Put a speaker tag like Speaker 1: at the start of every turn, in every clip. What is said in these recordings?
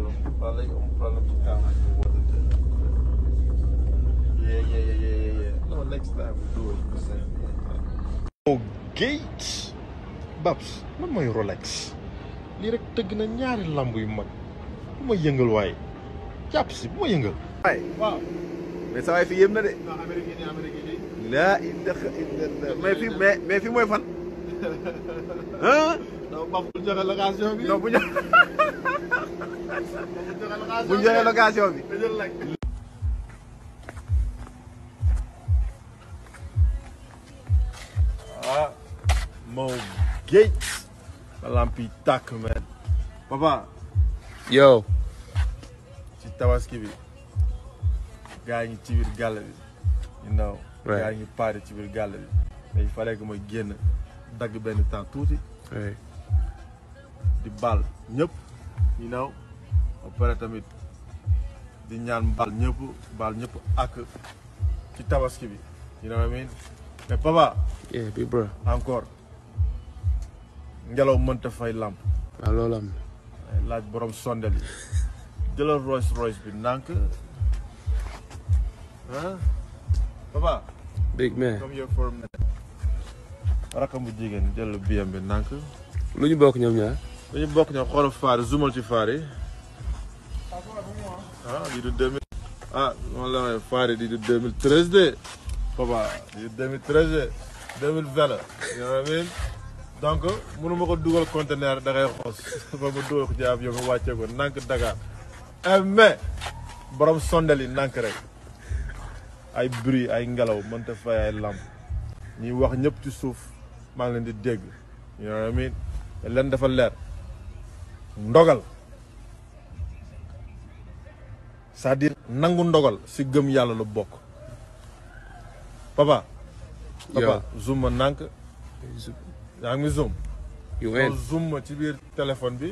Speaker 1: problem. Probably problem to come and do what Yeah, yeah, yeah, yeah, yeah, yeah. No, next time we do it. Yeah. Oh, Gates. Babs, lan Rolex lii rek nyari lambu ñaari mag bu ma yëngal waaye jàpp si bu ma mais sa waay fii yëm na non Amérique yi Amérique mais mais fan. ah. donc Pape bu joxe location bi. donc bu joxe. bu joxe ah Mo Gates. ma lamp yi tàkk papa. yow. ci tabaski bi. gaa yi ngi ci biir gàll bi. you know. gaa yi ngi paare ci biir gàll bi. mais il fallait que ma génn. Dag benn temps tuuti di bal ñëpp ñu naw ba pare tamit di ñaan bal ñëpp baal ñëpp ak ci tabaski bi you know what I mean Eh papa yeah big bro encore ngelaw mënta fay lamp waaw ah, loolu am laaj borom sondel yi jëlal Rolls Royce bi nànk ah papa big man come here for a minute rakam bu jigéen jël biyam bi ndànk. lu ñu bokk ñoom ñaar. lu ñu bokk ñoom xoolal faar zoomal ci faar yi. ah lii du 2000. ah man la may papa lii du 2013 de 2020 la. yoo xam donc mënu ko dugal conteneur da ngay xoos ba dugal ko ci avion bi wàccee ko ndànk Dakar. Eh, mais borom sondel yi ndànk rek ay bruit ay ngelaw mënta fay ay làmp ñuy wax ñëpp ci suuf. maa ngi leen di dégg you know leen dafa leer ndogal cest à nangu ndogal si gëm yàlla lu bokk papa zoom ma nànk yaa ngi zoom zoom ma ci biir téléphone bi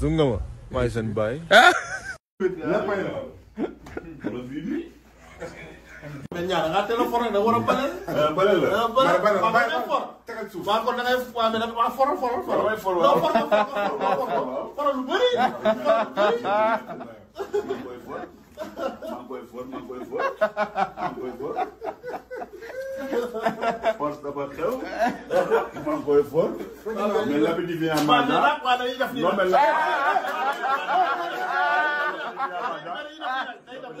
Speaker 1: zoom nga ma maay seen bàyyi mais ñaar nga téléphone rek da war a balal. balal la balal balal balal balal for. mais da nga for for for.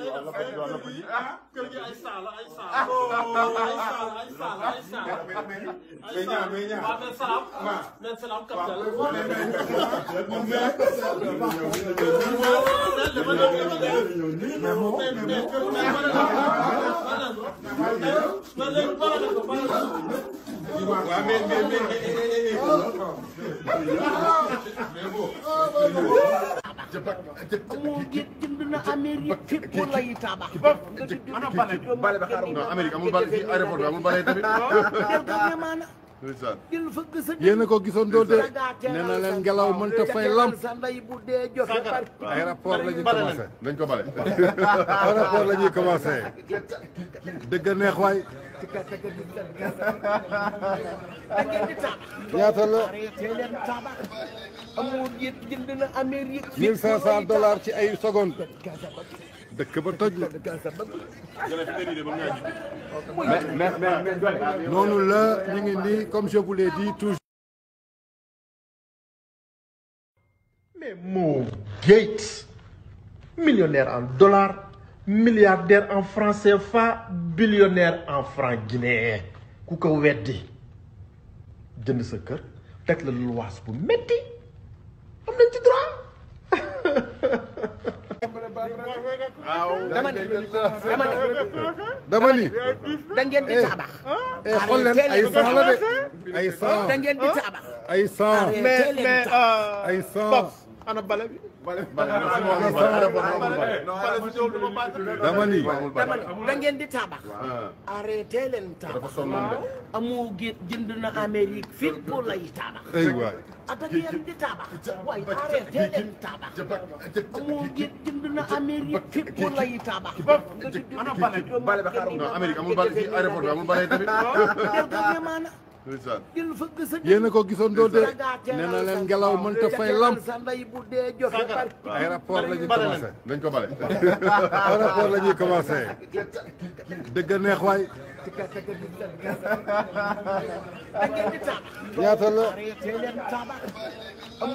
Speaker 1: não não Lala pergi, Lala pergi. Pergi Aisyah lah, Aisyah. Aisyah, Aisyah, Aisyah. Menya, Menya. Wah, men salam. Men salam kapten. Memo. Memo. Memo. Memo. moo ngi jënd na Amérique fépp la yi tabax. ana bale bi bale bi xaaral non Amérique amul bale fii aéroport bi amul bale tamit. yéen a ko gisoon doo de nee na leen ngelaw mënta fay lam ay rapport la ñuy commencé dañ ko bale ay rapport la ñuy commencé dëgg neex waay 1500 dollars ci ay seconde. mais mais mais noonu comme je vous l'ai dit toujours. mais Mo Gates millionnaire en dollars milliardaire en français fa billionnaire en franc guinéen Kouka d'amani,
Speaker 2: d'amani, sa
Speaker 1: d'amani, d'amani, la d'amani,
Speaker 2: d'amani, metti d'amani, droit
Speaker 1: ay d'amani, d'amani, d'amani, dama ni da ngeen di tabax arrêté leen tabax amoo jënd na Amérique fi pour lay tabax a da ngeen di tabax waaye arrêté leen tabax amoo jënd na Amérique fi pour lay tabax ana bale bale ba xaaral Amérique amul bale fii aéroport amul bale tamit ndeysaan gil fëgg sa yéen a ko gisoon doo dee nee na leen ngelaw mënta fay lamp sa ndey bu dee joxe par ay rapport la ñuy commencé dañ ko bale ay rapport